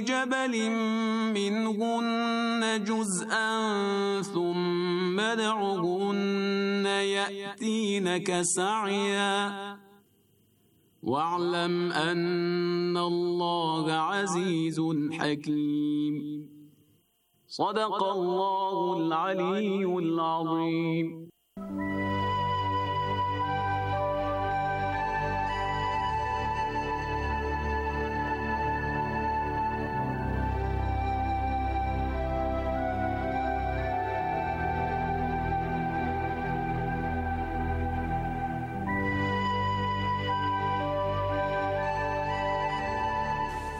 جبل منهن جزءا ثم دعهن يأتينك سعيا واعلم أن الله عزيز حكيم صدق الله العلي العظيم you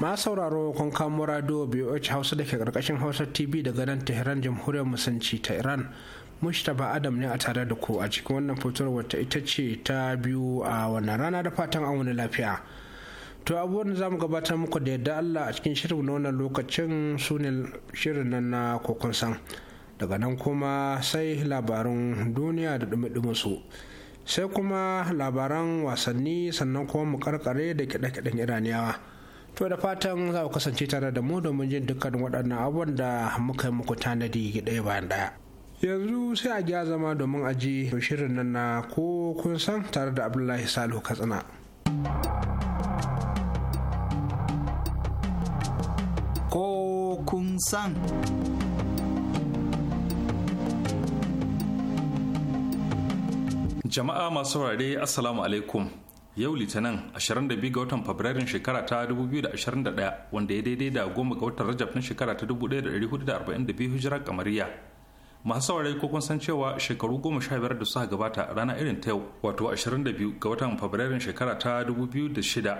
ma sauraro kun kamo radio boh hausa da ke karkashin hausa tv daga nan tehran jamhuriyar musanci ta iran mushtaba adam ne a tare da ku a cikin wannan fitowar wata ita ce ta biyu a wannan rana da fatan an wani lafiya to abubuwan da mu gabatar muku da yadda allah a cikin shirin na wannan lokacin su ne shirin nan na kokon daga nan kuma sai labarin duniya da dumi su sai kuma labaran wasanni sannan kuma mu karkare da kiɗe-kiɗen iraniyawa To da fatan za ku kasance tare da mu domin jin dukkan waɗannan abubuwan da muka yi muku tanadi ɗaya bayan ɗaya. Yanzu sai a gya zama domin ji shirin nan na ko kun san tare da Abdullahi Salihu Katsina. Ko kun san. Jama'a masu saurare Assalamu alaikum. yau litinin 22 ga watan fabrairun shekara ta 2021 wanda ya daidai da goma ga watan rajab na shekara ta 1442 hijirar kamariya masu saurari ko kun san cewa shekaru goma sha biyar da suka gabata rana irin ta yau wato 22 ga watan fabrairun shekara ta 2006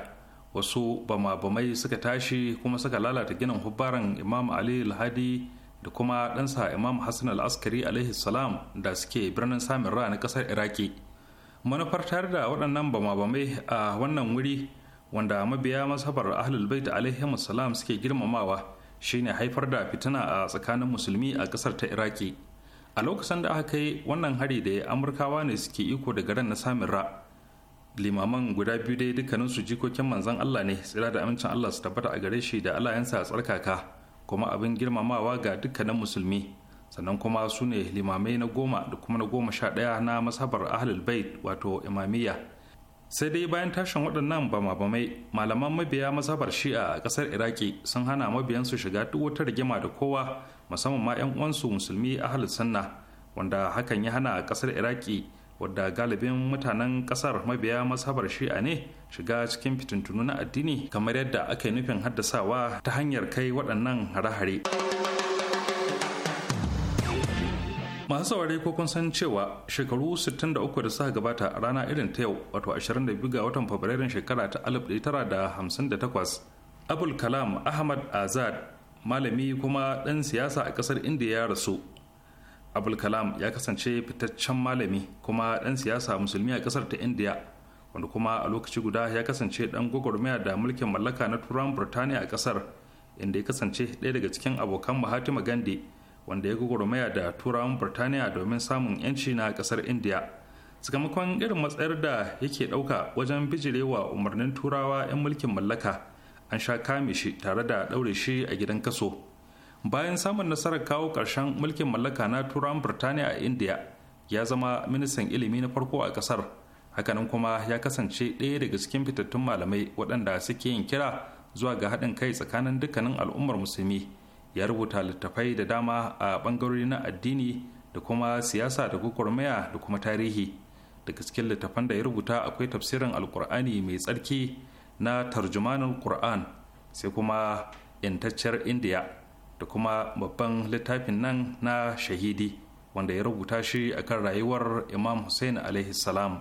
wasu bama-bamai suka tashi kuma suka lalata ginin hubbaran imam ali alhadi da kuma ɗansa imam hassan al-askari alaihi salam da suke birnin samin ra na ƙasar iraki manufartar da waɗannan bama-bamai a wannan wuri wanda mabiya mazhabar ahlul bait alaihi salam suke girmamawa shine haifar da fitina a tsakanin musulmi a ƙasar ta iraki a lokacin da aka kai wannan hari da amurkawa ne suke iko da garin na ra limaman guda biyu dai dukkaninsu jikokin manzan allah ne tsira da amincin allah su tabbata a gare shi da alayansa a tsarkaka kuma abin girmamawa ga dukkanin musulmi sannan kuma su ne limamai na goma da kuma na goma sha ɗaya na masabar ahlul bait wato imamiyya sai dai bayan tashin waɗannan bama-bamai malaman mabiya masabar shi'a a ƙasar iraki sun hana mabiyansu shiga duk wata rigima da kowa musamman ma 'yan uwansu musulmi ahlul sunna wanda hakan ya hana ƙasar iraki wadda galibin mutanen ƙasar mabiya masabar shi'a ne shiga cikin fitintunu na addini kamar yadda aka yi nufin haddasawa ta hanyar kai waɗannan hare-hare. masu saurare ko kun san cewa shekaru 63 da suka gabata a rana irin ta yau wato 22 ga watan fabrairun shekara ta 1958 abul kalam ahmad azad malami kuma dan siyasa a kasar india ya rasu abul kalam ya kasance fitaccen malami kuma ɗan siyasa musulmi a ƙasar ta india wanda kuma a lokaci guda ya kasance ɗan gwagwarmaya da mulkin mallaka na turan burtaniya a kasar inda ya kasance ɗaya daga cikin abokan mahatima gandhi wanda ya gwagwarmaya da turawan birtaniya domin samun yanci na kasar india sakamakon irin matsayar da yake ɗauka wajen bijirewa umarnin turawa 'yan mulkin mallaka an sha kame shi tare da ɗaure shi a gidan kaso bayan samun nasarar kawo karshen mulkin mallaka na turawan birtaniya a india ya zama ministan ilimi na farko a ƙasar hakanan kuma ya kasance ɗaya daga cikin fitattun malamai waɗanda suke yin kira zuwa ga haɗin kai tsakanin dukkanin al'ummar musulmi ya rubuta littattafai da dama a bangarori na addini da kuma siyasa da gwagwarmaya da kuma tarihi daga cikin littafan da ya rubuta akwai tafsirin alkur'ani mai tsarki na tarjumanin qur'an sai kuma yantacciyar indiya da kuma babban littafin nan na shahidi wanda ya rubuta shi akan rayuwar imam hussein alaihi salam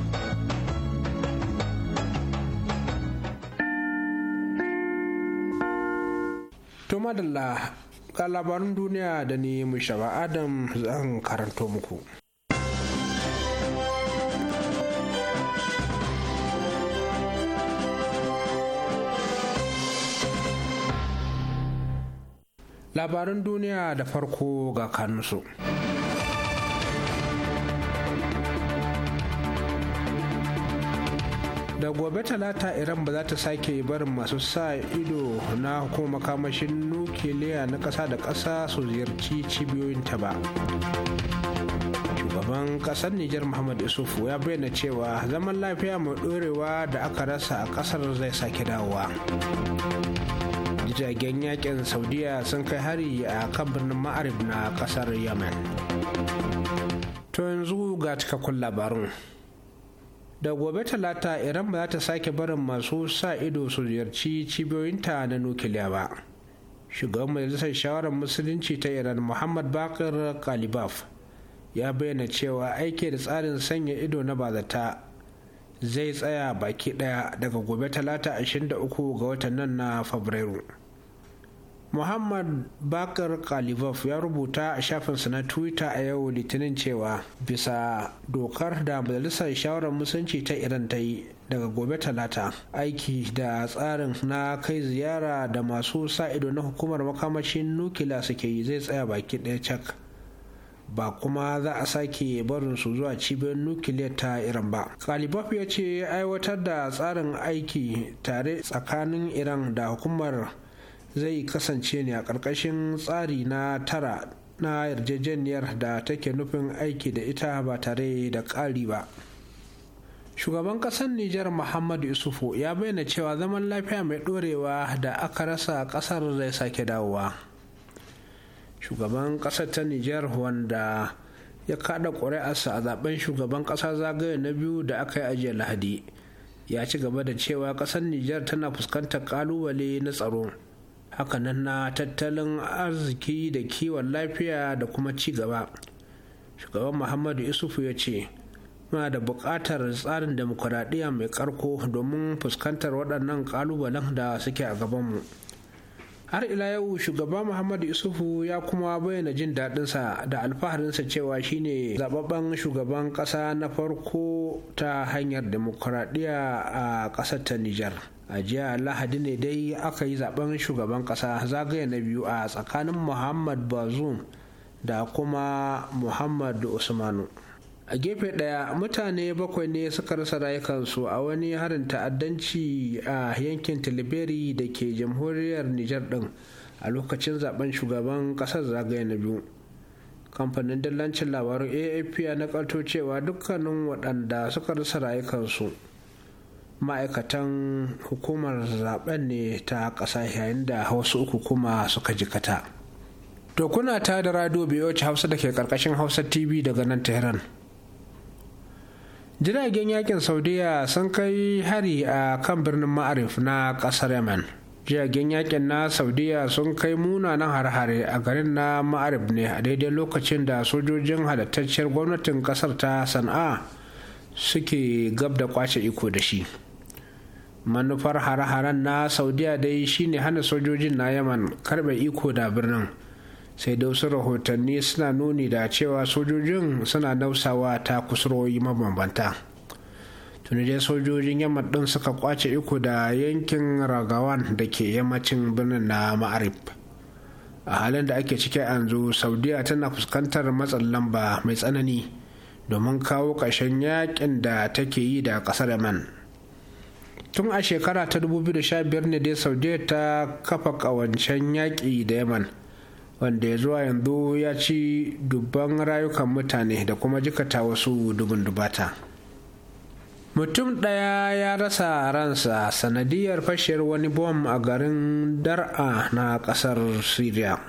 to madalla ga labarin duniya da ni mushaba adam zan karanto muku labarin duniya da farko ga kanusu da gobe talata iran ba za ta sake barin masu sa ido na hukumar makamashin nukiliya na kasa da kasa su ziyarci cibiyoyinta ba shugaban kasar Nijar Muhammad Isufu ya bayyana cewa zaman lafiya mai ɗorewa da aka rasa a ƙasar zai sake dawowa. Jiragen yakin Saudiya sun kai hari a kan birnin Ma'arib na ƙasar Yemen. To yanzu ga cikakkun labarun. da gobe talata iran ba za ta sake barin masu sa ido su ziyarci cibiyoyinta na nukiliya ba shugaban majalisar shawarar musulunci ta iran muhammad bakir kalibaf ya bayyana cewa aiki da tsarin sanya ido na bazata zai tsaya baki daya daga gobe talata 23 ga watan nan na fabrairu muhammad bakar Kalibov ya rubuta a shafinsa na twitter a yau litinin cewa bisa dokar da majalisar shawarar musanci ta iran ta yi daga gobe talata aiki da tsarin na kai ziyara da masu sa ido na hukumar makamashin nukila suke yi zai tsaya baki ɗaya cak ba kuma za a sake barin su zuwa cibiyar nukiliya ta iran ba kalibaf ya ce aiwatar da tsarin aiki tare tsakanin iran da hukumar zai kasance ne a ƙarƙashin tsari na tara na yarjejeniyar da take nufin aiki da ita ba tare da ƙari ba shugaban ƙasar nijar muhammadu isufu ya bayyana cewa zaman lafiya mai ɗorewa da aka rasa ƙasar zai sake dawowa shugaban ƙasar ta nijar wanda ya kada ƙuri'arsa a zaben shugaban ƙasa zagaye na biyu da aka yi ajiyar lahadi ya ci gaba da cewa ƙasar nijar tana fuskantar ƙalubale na tsaro hakanan na tattalin arziki da kiwon lafiya da kuma ci gaba shugaban muhammadu isufu ya ce muna da buƙatar tsarin demokuraɗiyya mai ƙarko domin fuskantar waɗannan ƙalubalen da suke a gabanmu har ila yau shugaba muhammadu isufu ya kuma bayyana jin daɗinsa da alfaharinsa cewa shine zababben shugaban ƙasa na farko ta hanyar demokuraɗiyya a ƙasar ta nijar a jiya lahadi ne dai aka yi zaben shugaban ƙasa zagaya na biyu a tsakanin muhammad bazoum da kuma muhammad usmanu a gefe ɗaya mutane bakwai ne suka rasa rayukansu a wani harin ta'addanci a yankin tiliberi da ke jamhuriyar nijar ɗin a lokacin zaben shugaban ƙasar zagaye na biyu kamfanin dillancin labarun afp na nakalto cewa dukkanin waɗanda suka rasa rayukansu ma'aikatan hukumar zaben ne ta ƙasa yayin da wasu uku kuma suka jikata to kuna ta da radio biyu hausa da ke ƙarƙashin hausa tv daga nan tehran jiragen yakin saudiya sun kai hari a kan birnin ma'arif na kasar yemen jiragen yakin na saudiya sun kai munanan har-hare a garin na ma'arif ne a daidai lokacin da sojojin halittacciyar gwamnatin kasar ta sana'a suke gab da kwace iko da shi manufar hare-haren na saudiya dai shine hana sojojin na yaman karbe iko da birnin sai da wasu rahotanni suna nuni da cewa sojojin suna nausawa ta kusurwoyi mabambanta tuni dai sojojin yamma din suka kwace iko da yankin ragawan da ke yammacin birnin na ma'arif a halin da ake ciki yanzu saudiya tana fuskantar matsin lamba mai tsanani domin kawo ƙarshen yakin da take yi da ƙasar yaman tun a shekara ta 2015 ne dai saudiya ta kafa ƙawancen yaƙi da yaman wanda ya zuwa yanzu ya ci dubban rayukan mutane da kuma jikata wasu dubin dubata mutum ɗaya ya rasa ransa sanadiyar fashiyar wani bom a garin dar'a na ƙasar syria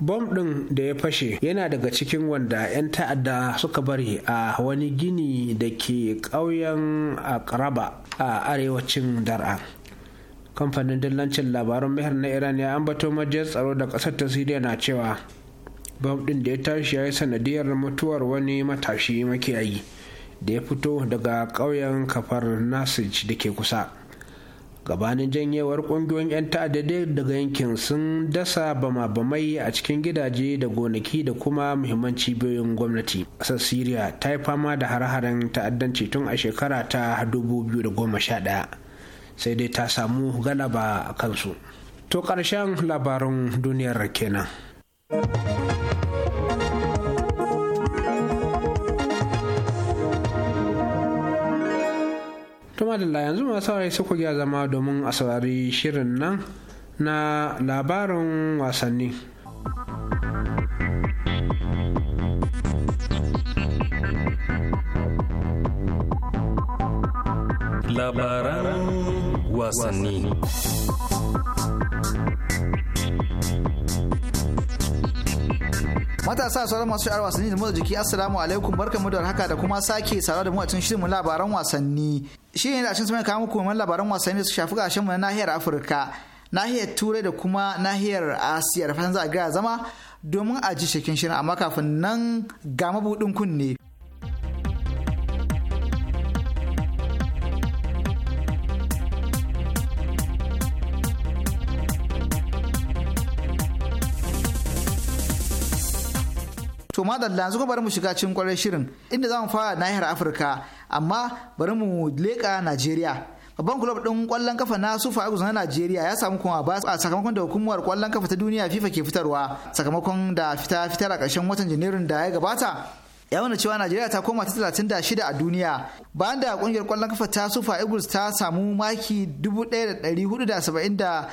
bom ɗin da ya fashe yana daga cikin wanda 'yan ta'adda suka bari a wani gini da ke ƙauyen akraba a arewacin dar'a kamfanin dillancin labarun mihar na iran ya ambato majiyar tsaro da kasar ta siriya na cewa bam din da ya tashi ya yi sanadiyar mutuwar wani matashi makiyayi da ya fito daga ƙauyen kafar nasij da ke kusa gabanin janyewar kungiyoyin 'yan ta'adda daga yankin sun dasa bama-bamai a cikin gidaje da gonaki da kuma muhimman cibiyoyin gwamnati ƙasar siriya ta yi fama da hare-haren ta'addanci tun a shekara ta 2011 sai dai ta samu galaba a kansu to ƙarshen labarin duniyar kenan. la yanzu masu wari suku ya zama domin a saurari shirin nan na labarin wasanni. Labaran wasanni matasa sauran masu sha'ar wasanni da motsa jiki assalamu alaikum barkamu da haka da kuma sake saurara da mu a cikin shirin labaran wasanni ne da a cikin kama kawo muku labaran wasanni da su shafi gashin mu na nahiyar afirka nahiyar turai da kuma nahiyar asiya da fatan za a gaya zama domin a ji shekin shirin amma kafin nan ga mabuɗin kunne To madalla yanzu bari mu shiga cikin kwarar shirin inda zamu fara nahiyar Afirka amma bari mu leƙa Najeriya. Babban kulob din kwallon kafa na Sufa Eagles na Najeriya ya samu kuma ba a sakamakon da hukumar kwallon kafa ta duniya FIFA ke fitarwa sakamakon da fita fitar a ƙarshen watan Janairun da ya gabata ya wani cewa najeriya ta koma ta 36 a duniya bayan da kungiyar kwallon kafa ta sufa eagles ta samu maki 1474 a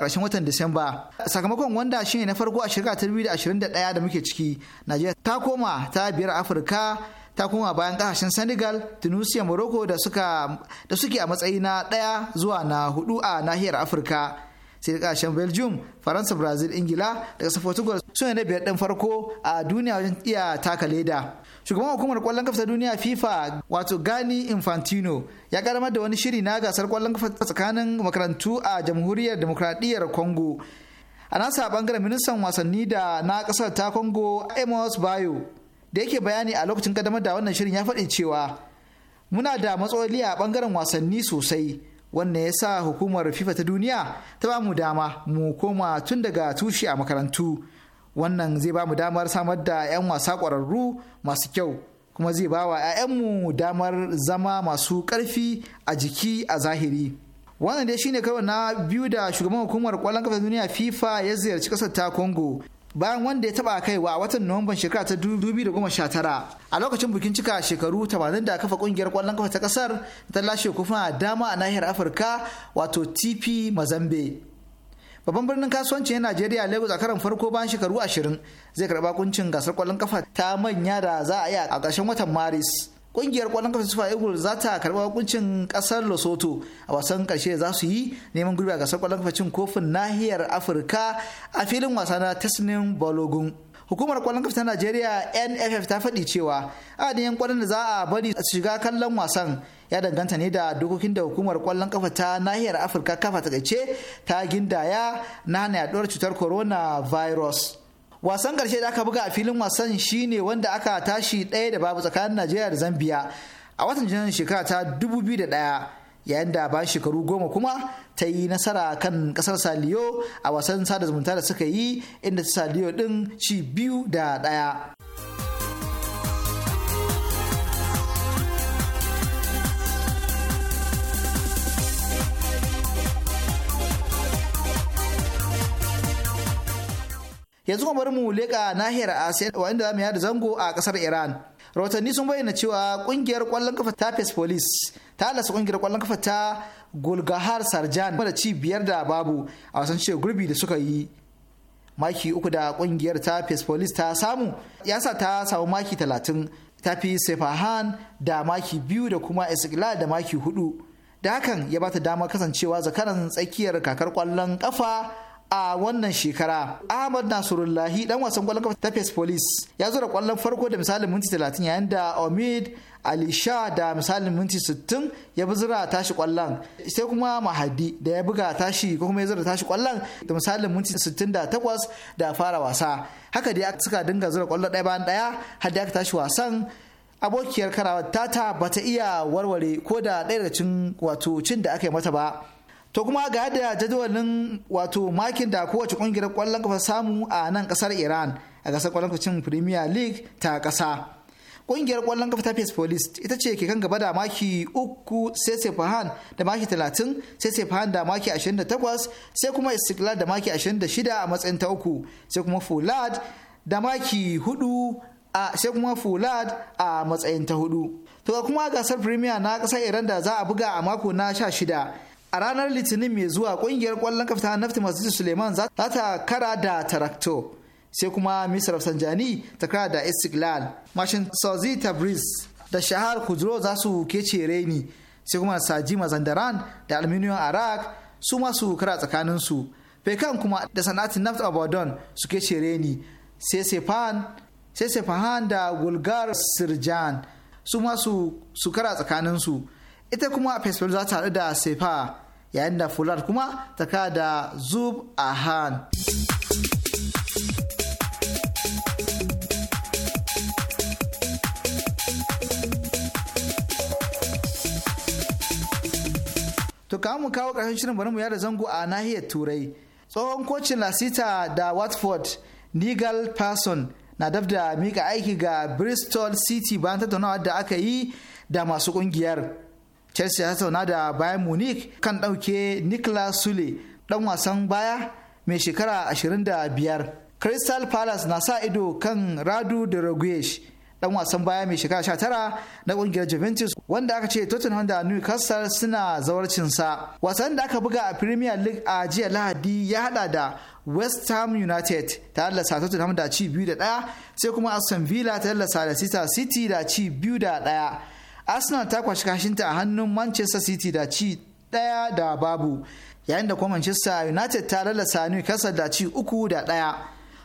ƙarshen watan disamba sakamakon wanda shine na farko a shirka ta 2021 da muke ciki najeriya ta koma ta biyar afirka ta koma bayan kasashen senegal tunisia morocco da suke a matsayi na ɗaya zuwa na hudu a nahiyar afirka sai da kasashen belgium faransa brazil ingila da kasa portugal suna na biyar ɗin farko a duniya wajen iya taka leda shugaban hukumar kwallon kafa ta duniya fifa wato gani infantino ya karamar da wani shiri na gasar kwallon kafa tsakanin makarantu a jamhuriyar demokradiyyar congo a nasa bangaren ministan wasanni da na kasar ta congo amos bayo da yake bayani a lokacin kadamar da wannan shirin ya faɗi cewa muna da matsaloli a bangaren wasanni sosai wannan ya sa hukumar fifa ta duniya ta ba mu dama mu koma tun daga tushe a makarantu wannan zai ba mu damar samar da 'yan wasa ƙwararru masu kyau kuma zai ba wa 'ya'yanmu damar zama masu ƙarfi a jiki a zahiri wannan dai shine karo na biyu da shugaban hukumar ƙwallon kafa duniya fifa ya ziyarci ƙasar ta congo bayan wanda ya taba kaiwa a watan Nuwamban shekara ta 2019 a lokacin bikin cika shekaru 80 da kafa kungiyar kwallon kafa ta kasar ta lashe a dama a nahiyar Afirka wato TP Mazambe. Babban birnin kasuwancin na Najeriya Lagos a karon farko bayan shekaru 20 zai karba kuncin gasar kwallon kafa ta manya da za a yi a ƙarshen watan Maris. kungiyar kwallon kafa Super Eagles za ta karɓi hukuncin ƙasar Lesotho a wasan ƙarshe za su yi neman gurbi a gasar kwallon kafa cin kofin nahiyar Afirka a filin wasa na Tasnim Balogun. Hukumar kwallon kafa ta Najeriya NFF ta faɗi cewa adadin kwallon da za a bari a shiga kallon wasan ya danganta ne da dokokin da hukumar kwallon kafa ta nahiyar Afirka kafa ta ta gindaya na hana yaduwar cutar coronavirus. virus. wasan karshe da aka buga a filin wasan shine wanda aka tashi ɗaya da babu tsakanin najeriya da zambiya a watan janairun shekara ta 2001 yayin da ba shekaru goma kuma ta yi nasara kan kasar saliyo a wasan sada zumunta da suka yi inda saliyo din ci biyu da ɗaya yanzu kuma bari mu leƙa nahiyar asiya wanda za mu yada zango a kasar iran rahotanni sun bayyana cewa kungiyar kwallon kafa ta police ta halasta kungiyar kwallon kafa ta gulgahar sarjan da ci biyar da babu a wasan ce gurbi da suka yi maki uku da kungiyar ta police ta samu yasa ta samu maki talatin ta fi sefahan da maki biyu da kuma iskila da maki hudu da hakan ya bata damar kasancewa zakaran tsakiyar kakar kwallon kafa a wannan shekara ahmad nasurullahi dan wasan kwallon kafa ta face police ya zo da kwallon farko da misalin minti 30 yayin da omid alisha da misalin minti 60 ya bi tashi kwallon sai kuma mahadi da ya buga tashi ko kuma ya zura tashi kwallon da misalin minti 68 da fara wasa haka dai aka suka dinga zura kwallon ɗaya bayan ɗaya har da aka tashi wasan abokiyar karawa tata bata iya warware ko da ɗaya daga cin wato cin da aka yi mata ba to kuma ga yadda jadawalin wato makin da kowace kungiyar kwallon kafa samu a nan kasar iran a gasar kwallon cin premier league ta kasa kungiyar kwallon kafa ta face police ita ce ke kan gaba da maki uku sai sefahan da maki talatin sai sefahan da maki ashirin da takwas sai kuma istiklal da maki ashirin da shida a matsayin ta uku sai kuma fulad da maki hudu a sai kuma fulad a matsayin ta hudu to kuma gasar premier na kasar iran da za a buga a mako na sha shida a ranar litinin mai zuwa kungiyar kwallon kafta nafti masu suleiman za ta kara da tarakto sai kuma misar sanjani ta kara da istiklal mashin Sozi tabriz da shahar kudro za su kece reni sai kuma saji mazandaran da aluminium arak su masu kara tsakaninsu fekan kuma da Sanatin naft abadon su kece reni sai sefahan da gulgar sirjan su masu su kara tsakaninsu ita kuma facebook za ta haɗu da sefa yayin da fulat kuma ta kada da zub Han. to kawo mu kawo ƙarshen shirin bari mu yada zango a nahiyar turai tsohon kocin lasita da watford nigel person na daf da mika aiki ga bristol city bayan tattaunawa da aka yi da masu ƙungiyar chelsea ya zauna da bayan munich kan ɗauke nicolas sule ɗan wasan baya mai shekara 25 crystal palace na sa ido kan radu da roguesh dan wasan baya mai shekara 19 na kungiyar Juventus wanda aka ce Tottenham da Newcastle suna zawarcinsa. Wasan da aka buga a Premier League a jiya Lahadi ya hada da West Ham United ta lallasa Tottenham da ci biyu da ɗaya sai kuma Aston Villa ta lallasa da City da ci biyu da ɗaya. arsenal ta kwashi kashinta a hannun manchester city da ci daya da babu yayin da kuma manchester united ta lalasa newcastle da ci uku da ɗaya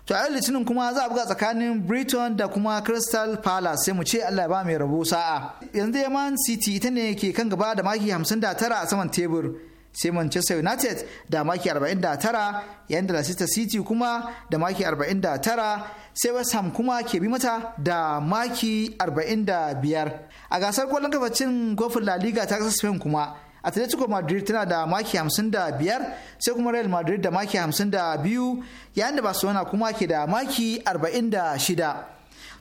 to a litinin kuma za a buga tsakanin Britain da kuma crystal palace sai mu ce allah ba mai rabo sa'a yanzu man city ita ne ke kan gaba da maki 59 a saman tebur sai manchester united da maki 49 yayin da leicester city kuma da maki 49 sai west ham kuma ke bi mata da maki 45 a gasar kwallon kafacin kofin la liga ta kasar spain kuma atletico madrid tana da maki 55 sai kuma real madrid da maki 52 yayin da barcelona kuma ke da maki 46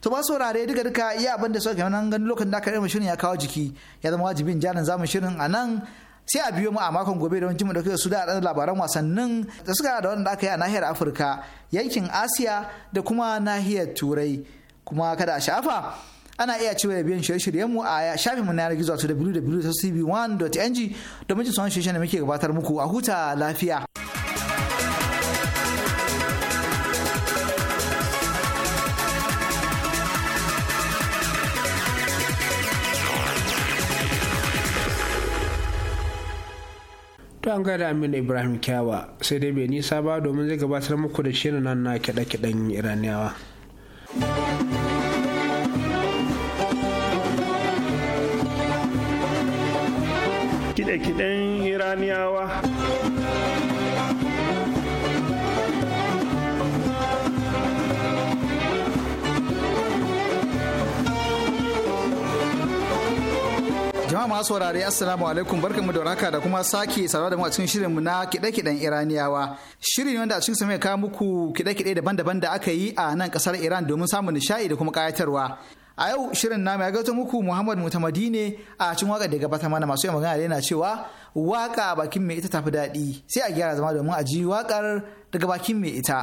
to ba saurare duka duka iya abin da suka gani nan ganin lokacin da aka rama shirin ya kawo jiki ya zama wajibin jarin zamu shirin a nan sai a biyo mu a makon gobe don jima da su da labaran wasannin da suka da wanda aka yi a nahiyar afirka yankin asiya da kuma nahiyar turai kuma kada a shafa ana iya cewa da biyan shirye-shiryen mu a shafin mu na yanar gizo wato www.cb1.ng domin jin sauran shirye da muke gabatar muku a huta lafiya. To an gaida Aminu Ibrahim Kyawa sai dai bai nisa ba domin zai gabatar muku da shirin nan na kiɗe-kiɗen Iraniyawa. Iraniyawa. jama'a masu saurare assalamu alaikum mu da warhaka da kuma sake saurawa da mu a cikin mu na kide-kiden iraniyawa shirin wanda a cikin sa mai kawo muku kide-kide daban-daban da aka yi a nan kasar iran domin samun nishaɗi da kuma kayatarwa a yau shirin na mai gato muku muhammad mutamadi ne a cikin waka daga gabata mana masu yin magana yana cewa waka bakin mai ita tafi daɗi sai a gyara zama domin a ji wakar daga bakin mai ita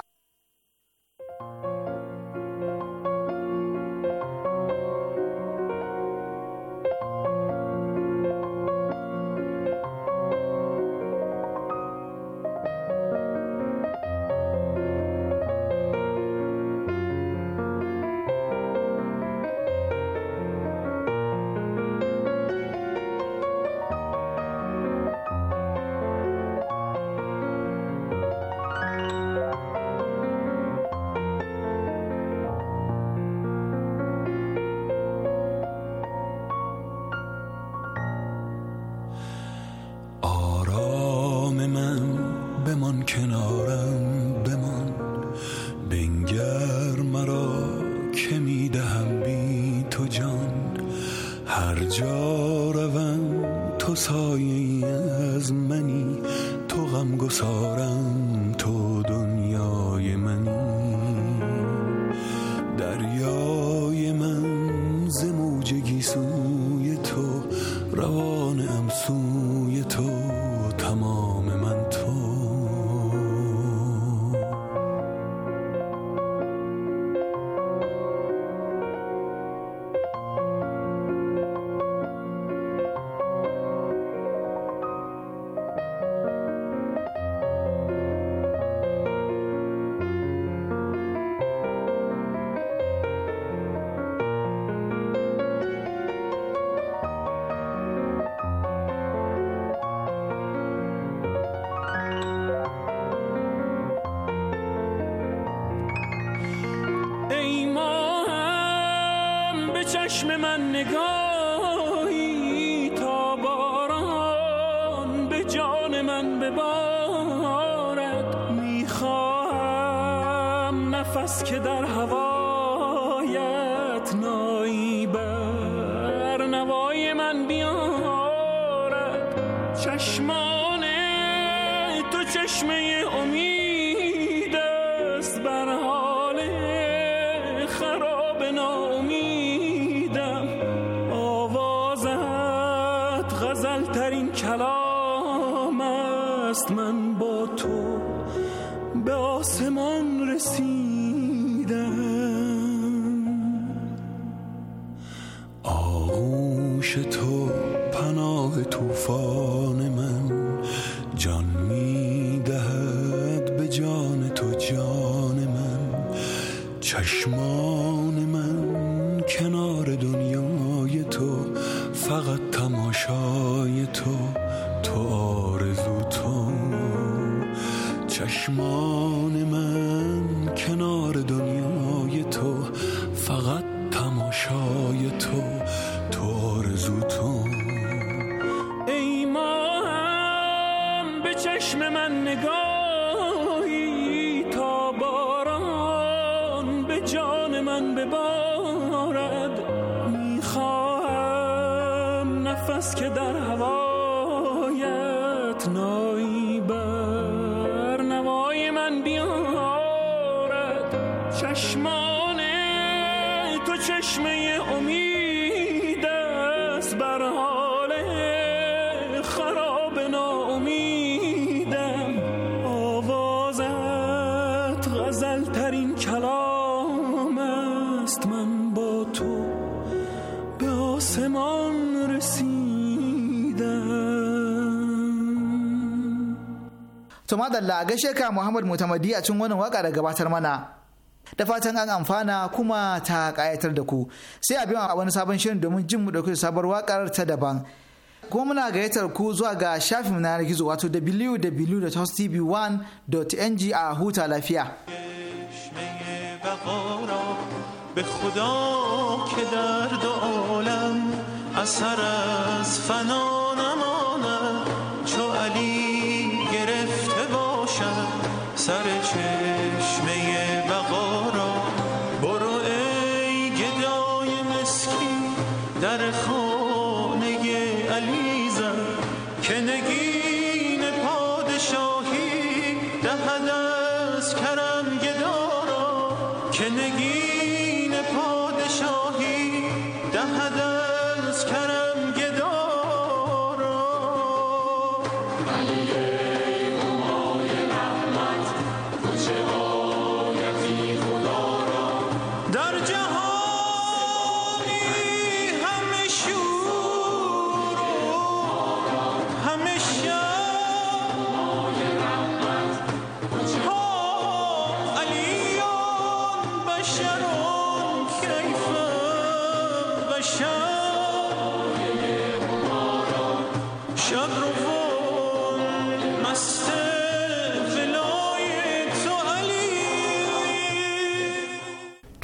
غزل ترین کلام است من با تو به آسمان رسیدم هواست که در هوا madalla gaishe ka Muhammad Mutamadi a cikin wannan waka da gabatar mana. Da fatan an amfana kuma ta kayatar da ku. Sai a biyan a wani sabon shirin domin jin mu dauki sabar wakar ta daban. Kuma muna gayyatar ku zuwa ga shafin na gizo wato www.tv1.ng a huta lafiya. به خدا که در دو عالم اثر از فنا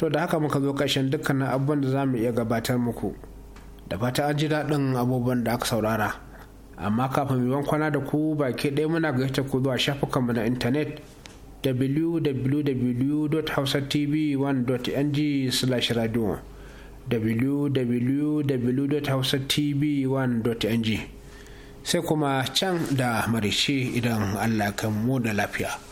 to da haka muka zo ƙarshen dukkanin abubuwan da za mu iya gabatar muku da fata an ji daɗin abubuwan da aka saurara amma kafin mai kwana da ku baki ɗaya muna gaita ku zuwa shafukanmu na intanet www.hausatv1.ng/radio www.hausatv1.ng sai kuma can da marishi idan allah kan mu da lafiya